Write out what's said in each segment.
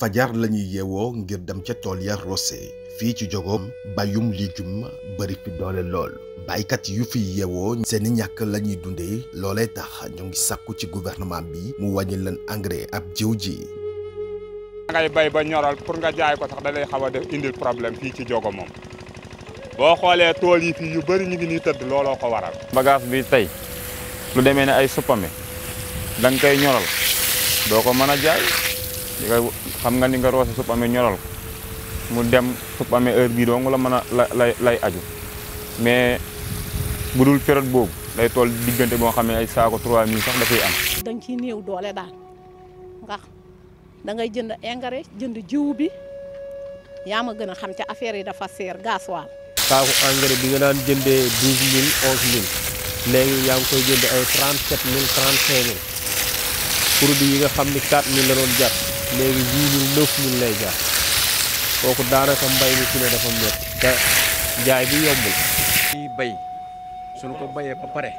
fajar lañuy yeewoo ngir dem ca tool ya roose fii ci jogoom bayum lijum bari fi doole lool baykat yu fi yeewoo seeni ñàkk la ñuy dundee loolee tax ñu ngi sàkku ci gouvernement bi mu wàññi leen engrais ab jiw ji ngay bay ba ñoral pour nga jaay ko tax da lay xaw a def indil problème fii ci jogo moom boo xoolee tool yi fii yu bëri ñu ngi nii tëdd looloo ko waral bagage bi tey lu demee ne ay suppame da koy ñoral doo ko mën a jaay di xam nga ni nga roose supp amee ñoral mu dem supp amee heure bii dong la mën a la lay lay aju mais bu dul période boobu day tool diggante boo xam ne ay saako 3000 sax dafay am. dañ ciy néew doole daal ndax da jënd engrais jënd jiw bi yaa a gën a xam ca affaire yi dafa seer gasoil. saako engrais bi nga daan jëndee 12000 11000 léegi yaa ngi koy jënd ay mille 35000 produit yi nga xam ni 4000 la doon jar. léegi huit mille neuf mille lay jaar kooku daanaka mbay mi fi ne dafa métti te jaay bi yombul. ñuy bay suñu ko bayee ba pare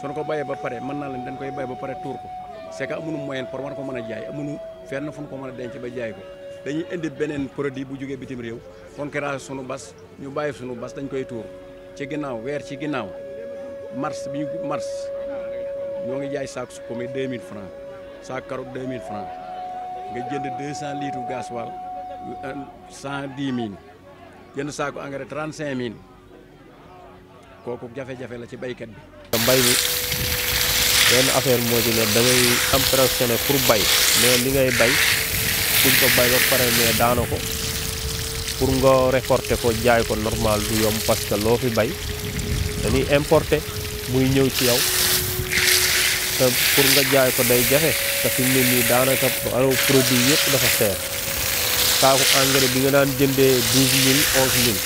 suñu ko bayee ba pare mën naa leen dañ koy bay ba pare tuur ko c'est que amuñu moyen pour war ko mën a jaay amuñu fenn fu ñu ko mën a denc ba jaay ko dañuy indi beneen produit bu jógee bitim réew concurrence suñu bas ñu bàyyi suñu bas dañ koy tuur ci ginnaaw weer ci ginnaaw mars bi ñu mars ñoo ngi jaay saako su ko mi 2000 francs saako karoot 2000 francs nga jënd 200 litres gasoil cent dix mille jënd saako engrais trente cinq mille kooku jafe-jafe la ci baykat bi. mbay mi benn affaire moo ci ne da ngay am pression pour bay mais li ngay bay kuñ ko bay ba pare mais daana ko pour nga récolter ko jaay ko normal du yomb parce que loo fi bay dañuy importer muy ñëw ci yow. pour nga jaay ko day jafe te fi mu ne nii daanaka araw produit yëpp dafa seer saaku engrais bi nga daan jëndee douze mille onze mille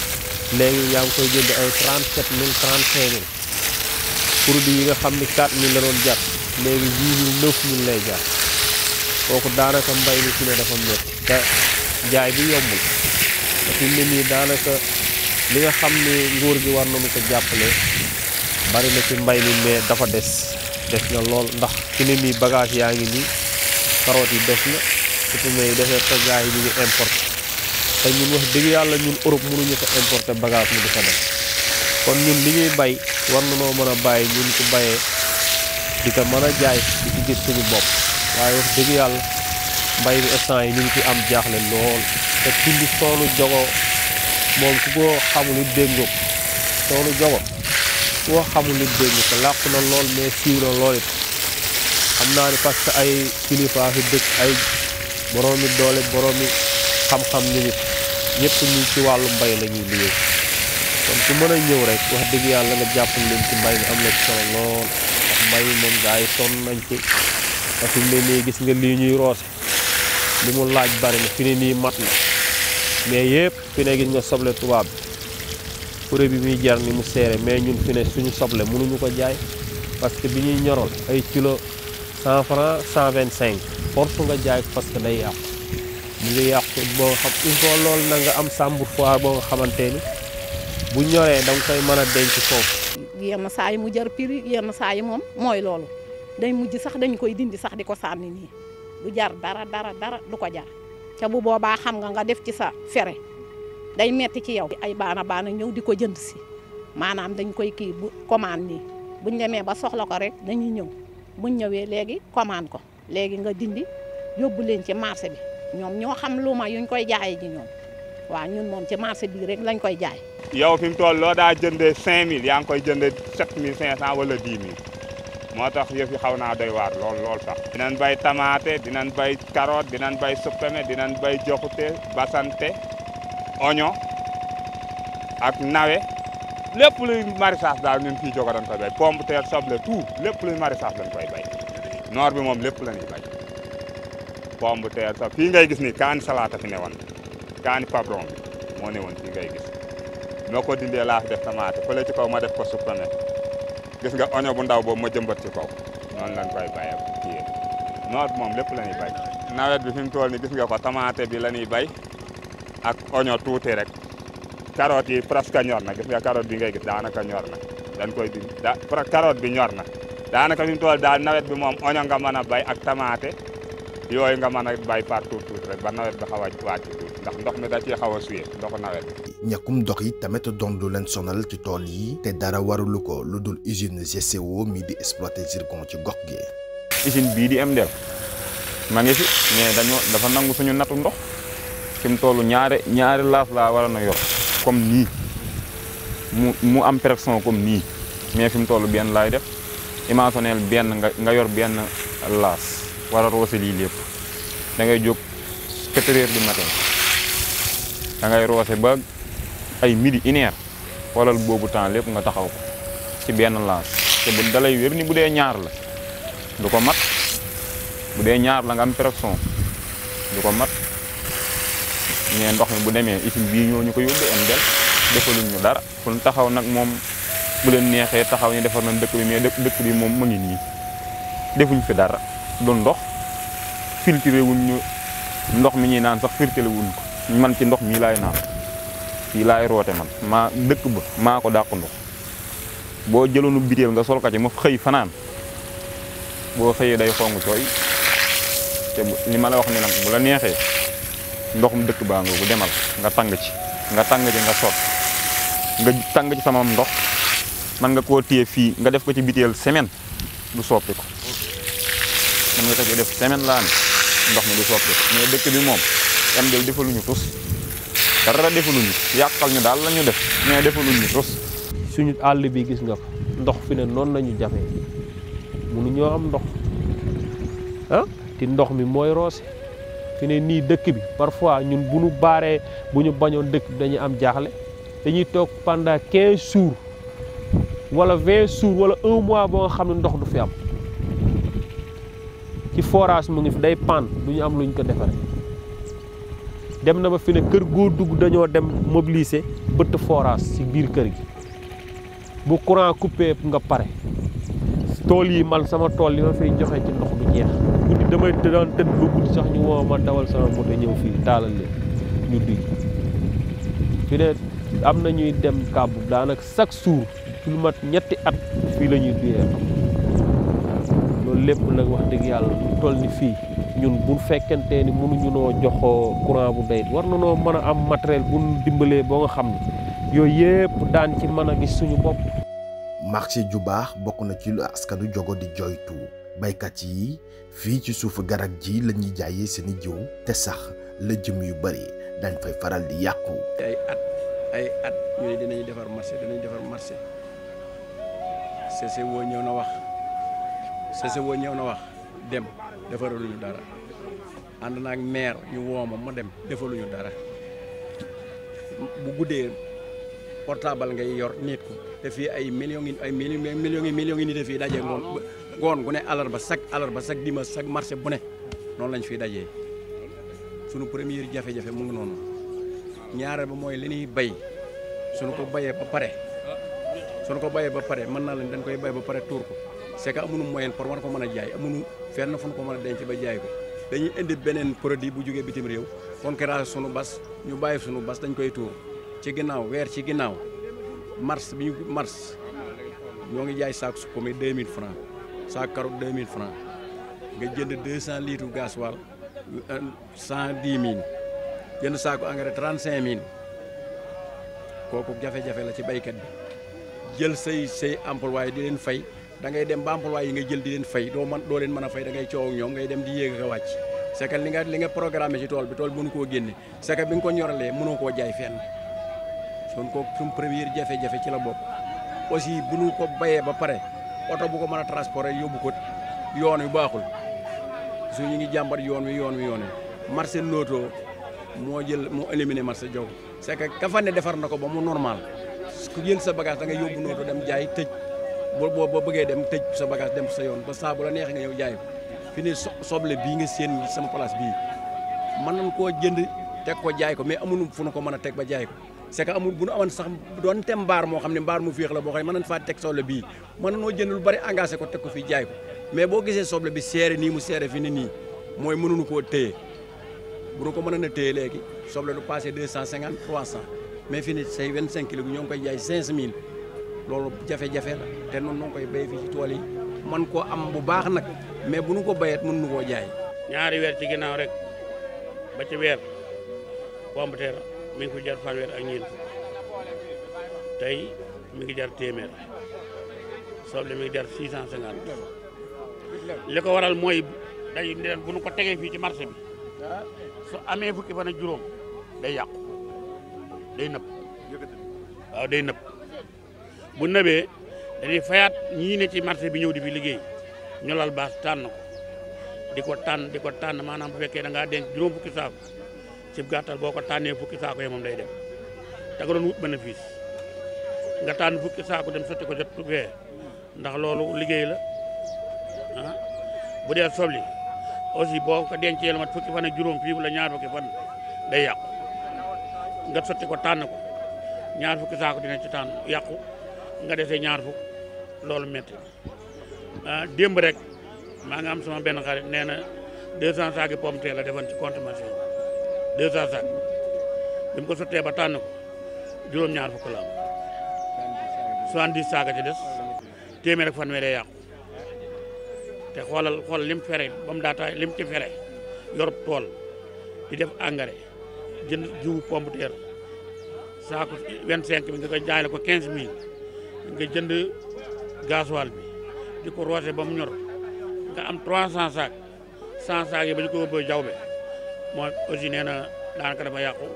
léegi yaa ngi koy jënd ay trente sept mille trente cinq mille produit yi nga xam ni quatre mille la doon jar léegi huit mille neuf mille lay jar kooku daanaka mbay mi fi ne dafa métti te jaay bi yombul te fi mu ne daanaka li nga xam ni nguur gi war na mu ko jàppale bari na ci mbay mi mais dafa des des na lool ndax fi ne nii yaa ngi nii carottes yi des na supame yi des na te yi ñu ngi importé te ñun wax dëgg yàlla ñun Europe mënuñu ko importé bagage mu di fa dem kon ñun li ñuy bay war nanoo mën a bàyyi ñun ko bayee di ko mën a jaay di ci gis suñu bopp waaye wax dëgg yàlla mbay bi instant yi ñu ngi ci am jaaxle lool te tund toolu jogo moom ku ko xamulu dégg nga toolu koo xamul it dégg ko làq na lool mais siiw na lool it xam naa ni parce que ay kilifa fi dëkk ay boroomi doole boroomi xam-xam ñu nit ñëpp ñu ci wàllu mbay la ñuy liggéey kon ku mën a ñëw rek wax dëgg yàlla nga jàppal leen ci mbay mi am na ci solo lool ndax mbay moom gaa yi sonn nañ ci te fi mu ne nii gis nga lii ñuy roose li mu laaj bari na fi ne nii mat na mais yëpp fi ne gis nga soble tubaab prix bi muy jar ni mu seere mais ñun fi ne suñu soble mënuñu ko jaay parce que bi ñuy ñoroon ay kilo cent franc cent vingt cinq force nga jaay parce que day yàqu mu ngi yàqu boo xam loolu na am sàmbur fois boo nga xamante bu ñoree da nga koy mën a denc foofu yenn saa yi mu jar prix yenn saa yi moom mooy loolu day mujj sax dañ koy dindi sax di ko sànni nii du jar dara dara dara du ko jar te bu boobaa xam nga nga def ci sa fere day metti ci yow. ay baana baana ñëw di ko jënd si maanaam dañ koy kii bu commande nii buñ demee ba soxla ko rek dañuy ñëw buñ ñëwee léegi commande ko léegi nga dindi yóbbu leen ci marché bi ñoom ñoo xam lu ma yuñ koy jaayee ji ñoom waaw ñun moom ci marché bii rek lañ koy jaay. yow fi mu toll loo daa jëndee 5000 yaa ngi koy jëndee 7500 wala 10000. moo tax yëf yi xaw naa doy waar lool lool sax dinañ bay tamaate dinañ bay carotte dinañ bay suppame dinañ bay joxute basante oignon ak nawe lépp luy maraîchage daal ñun fii Diogo dañ koy béy pomme de terre soble tout lépp luy maraîchage dañ koy béy noor bi moom lépp la ñuy béy pomme de soble fii ngay gis ni kaani salaata fi ne woon kaani pabron bi moo ne woon fii ngay gis noo ko dindee laa fi def tomate fële ci kaw ma def ko suppame gis nga oignon bu ndaw boobu ma jëmbat ci kaw noonu lañ koy béyee fii noor bi moom lépp la ñuy béy nawet bi fi mu ni gis nga ko tomate bi la ñuy ak oignon tuuti rek carotte yi presque ñor na gis nga carotte bi ngay gis daanaka ñor na dañ koy di da carotte bi ñor na daanaka fi mu toll daal nawet bi moom oignon nga mën a bay ak tamaate yooyu nga mën a bay partout tuuti rek ba nawet bi xaw a wàcc tuuti ndax ndox mi da ciy xaw a suyee ndoxu nawet bi. ñàkkum ndox yi tamit doon lu leen sonal ci tool yi. te dara warulu ko lu dul usine GCO mi di exploité zircon ci gox gi. usine bii di MDL ma ngi fi mais dañoo dafa nangu suñu natu ndox. fi mu toll ñaari laas laa waroon na yor comme nii mu mu am pression comme nii mais fi mu toll benn laay def imaginer benn nga nga yor benn laas war a roose lii lépp da ngay jóg quatre heures du matin da ngay roose ba ay midi une heure xoolal boobu temps lépp nga taxaw ko ci benn laas te bu dalay wér bu dee ñaar la du ko mat bu dee ñaar la nga am pression du ko mat ne ndox mi bu demee usine bii ñoo ñu ko yóbbu MDL defaluñ ñu dara kon taxaw nag moom bu leen neexee taxaw ñu defar nañ dëkk bi mais dëkk bi moom mu ngi nii defuñ fi dara du ndox filtré wuñ ñu ndox mi ñuy naan sax filtré wuñ ko man ci ndox mii laay naan fii laay roote man maa dëkk ba maa ko dàqu ndox boo jëloonu bitéel nga sol ko ci xëy fanaan boo xëyee day xong cooy te bu li ma la wax ne nag bu la neexee ndoxum dëkk baa ngoogu demal nga tàng ci nga tàng ci nga soot nga tàng ci sama ndox man nga koo téye fii nga def ko ci biteel semaine du soppi ko man nga ko ci def semaine laa ne ndox mi du soppi ko mais dëkk bi moom MDL defaluñu tus dara defaluñu yàqal ñu daal la def mais defaluñu tus suñu àll bi gis nga ko ndox fi ne noonu lañu jafe mënu ñoo am ndox ah te ndox mi mooy roose fine nii dëkk bi parfois ñun bu ñu baaree bu ñu bañoon dëkk bi dañuy am jaaxle dañuy toog pendant quinze jours wala vingt jours wala un boo nga xam ne ndox du fi am ci forage mu ngi fi day pan du ñu am lu ñu ko defaree dem na ba fi ne kër goo dugg dañoo dem mobiliser bëtt forage si biir kër gi bu courant coupé nga pare tool yi man sama tool li ma fay joxe ci ndox du jeex. bi damay daan tëdd ba guddi sax ñu woo ma dawal sama moto ñëw fii taalal leen ñu duy fi ne am na ñuy dem kàbbu daanaka chaque jour ci lu ñetti at fii lañuy ñuy duyee loolu lépp nag wax dëgg yàlla lu toll ni fii ñun bu fekkente ni mënuñu noo joxoo courant bu day war na noo mën a am matériel bu ñu dimbalee boo nga xam ne yooyu yëpp daan ci mën a gis suñu bopp. marché ju baax bokk na ci lu askanu jogo di joytu. baykat yi fii ci suufu garab ji lañuy ñuy seeni jiw te sax la jëm yu bari dañ fay faral di yàqu. ay at ay at ñu dinañu defar marché dinañu defar marché CCO ñëw na wax CCO ñëw na wax dem defaluñu dara ànd ak meer ñu wooma ma dem defaluñu dara bu guddee portable ngay yor nit ko te fii ay millions yi ay millions millions yi millions yi nit fii daje ngoon. ngoon gu ne alarba sag alarba sag dimanche sag marché bu ne noonu lañ fiy dajee sunu première jafe-jafe mu noonu ñaareel ba mooy li ñuy bay sunu ko bayee ba pare suñu ko bayee ba pare mën naa leen dañ koy bay ba pare tuur ko c'est que amuñu moyen pour war ko mën a jaay amuñu fenn fu ñu ko mën a denc ba jaay ko dañuy indi beneen produit bu jógee bitim réew kon keraa sunu bas ñu bàyyi sunu bas dañ koy tuur ci ginnaaw weer ci ginnaaw mars bi ñu mars ñoo ngi jaay saako su ko sa carotte 2000 francs nga jënd 200 litres gasoil 110 mille jënd saako engrais 35 mille kooku jafe-jafe la ci baykat bi jël say say employé di leen fay da ngay dem ba employé yi nga jël di leen fay doo man doo leen mën a fay da ngay coow ak ñoom ngay dem di yéeg a wàcc c'est que li nga li nga programmé ci tool bi tool bi mënu koo génne c'est que bi nga ko ñoralee mënoo koo jaay fenn kon kooku suñ première jafe-jafe ci la bopp aussi bu ñu ko bayee ba oto bu ko mën a transporter yóbbu ko yoon wi baaxul su ñu ngi jàmbat yoon wi yoon wi yoon wi marché moo jël moo éliminé marché Diogo c'est que ka fa ne defar na ko ba mu normal ku yël sa bagage da nga yóbbu Notto dem jaay tëj boo boo bëggee dem tëj sa bagage dem sa yoon ba saa bu la neexee nga ñëw jaay ko fi ne soble bii nga seen sama place bii mën nañ koo jënd teg ko jaay ko mais amuñu fu nu ko mën a teg ba jaay ko c'est que bu nu amoon sax doon te mbaar moo xam ne mbaar mu féex la boo xam ne mën nañ faa teg soble bii mën noo jënd lu bari engagé ko teg ko fii jaay ko boo gisee soble bi seere nii mu seere fi ni nii mooy mënuñu koo téye bu nu ko mënoon a téye léegi soble du passé deux cent cinquante trois cent mais fi ni say vingt cinq kilos bi ñoo ngi koy jaay cinq mille loolu jafe-jafe te noonu noo ngi koy béy fii tool yi man koo am bu baax nag mais bu nu ko béyee mënuñu koo jaay. ñaari weer ci ginnaaw rek ba ci weer pompe mi ngi jar fanweer ak ñeent tey mi ngi jar téeméer soble mi ngi jar 650 li ko waral mooy day ndeen bu nu ko tegee fii ci marché bi su amee fukki fan juróom day yàqu day nëpp waaw day nëpp bu nëbee dañuy fayaat ñii ne ci marché bi ñëw di fi liggéey ñu baas tànn ko di ko tànn di ko tànn maanaam bu fekkee da ngaa denc juróom fukki saaku ci gàttal boo ko tànnee fukki saako yi moom day dem da nga doon wut bénéfice nga tànn fukki saako dem sotti ko jot fee ndax loolu liggéey la ah. bu dee sobli aussi boo ko dencee lu mat fukki fan ak juróom fii la ñaar fukki fan day yàqu nga sotti ko tànn ko ñaar fukki saako dina ci tànn yàqu nga desee ñaar fukk loolu métti ah démb rek maa nga am sama benn xarit nee na 200 saaki pompe la defoon ci compte machine deux cent sac bi ko sottee ba tànn ko juróom-ñaar fukk la am soixante-dix saaka ci des téeméer ak fanweer yàqu te xoolal xool lim fere ba mu lim ci fere yor tool di def engrais jënd jiwu pomme de terre saako vingt bi nga koy jaay la ko quinze mille nga jënd gasoil bi di ko roose ba mu ñor nga am trois cent sac cent sac yi ba ko wëbbee jawbe moom aussi nee na daanaka dafa yàqu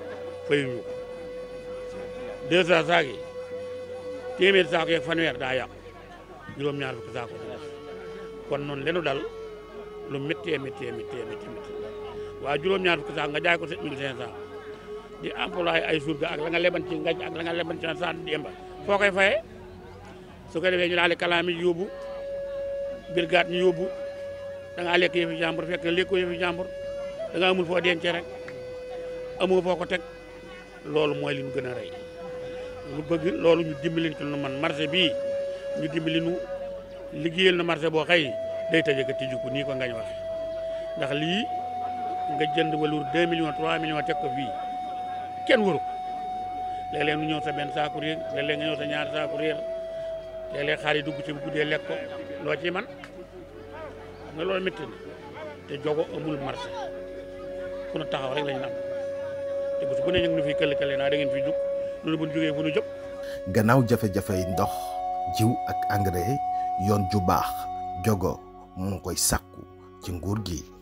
fayuñu ko deux cent saak yi téeméer saako yeeg fanweer daa yàqu juróom-ñaar fukki saako kon noonu lenu dal lu méttee méttee méttee méttee méttee waaw juróom-ñaar fukki saako nga jaay ko sept mille cinq cent di employé ay surga ak la nga leban ci ngaj ak la nga leban ci sa foo koy fayee su ko defee ñu daal di kalaami yóbbu brigade ñu yóbbu da ngaa lekk yëfi jàmbur fekk lekkoo yëfi jàmbur da nga amul foo denc rek amoo foo ko teg loolu mooy li ñu gën a rey lu bëgg loolu ñu dimbali ci lu man marché bii ñu dimbali nu liggéeyal na marché boo xëy day tëjee ko tijjiku nii ko ngañ wax ndax lii nga jënd walur 2 millions 3 millions teg ko fii kenn waru ko léeg-léeg nu ñëw sa benn saaku réer léeg nga ñëw sa ñaar saaku réer léeg-léeg xaar yi dugg ci bu guddee lekk loo ci man xam loolu métti na te jogo amul marché fu nu taxaw rek lañu am te bés bu ne ñu ngi fiy këll këll naa da ngeen fiy jug loolu bu ñu jógee fu nu jëm. gannaaw jafe-jafey ndox jiw ak engrais yoon ju baax jogo mu ngi koy sàkku ci nguur gi.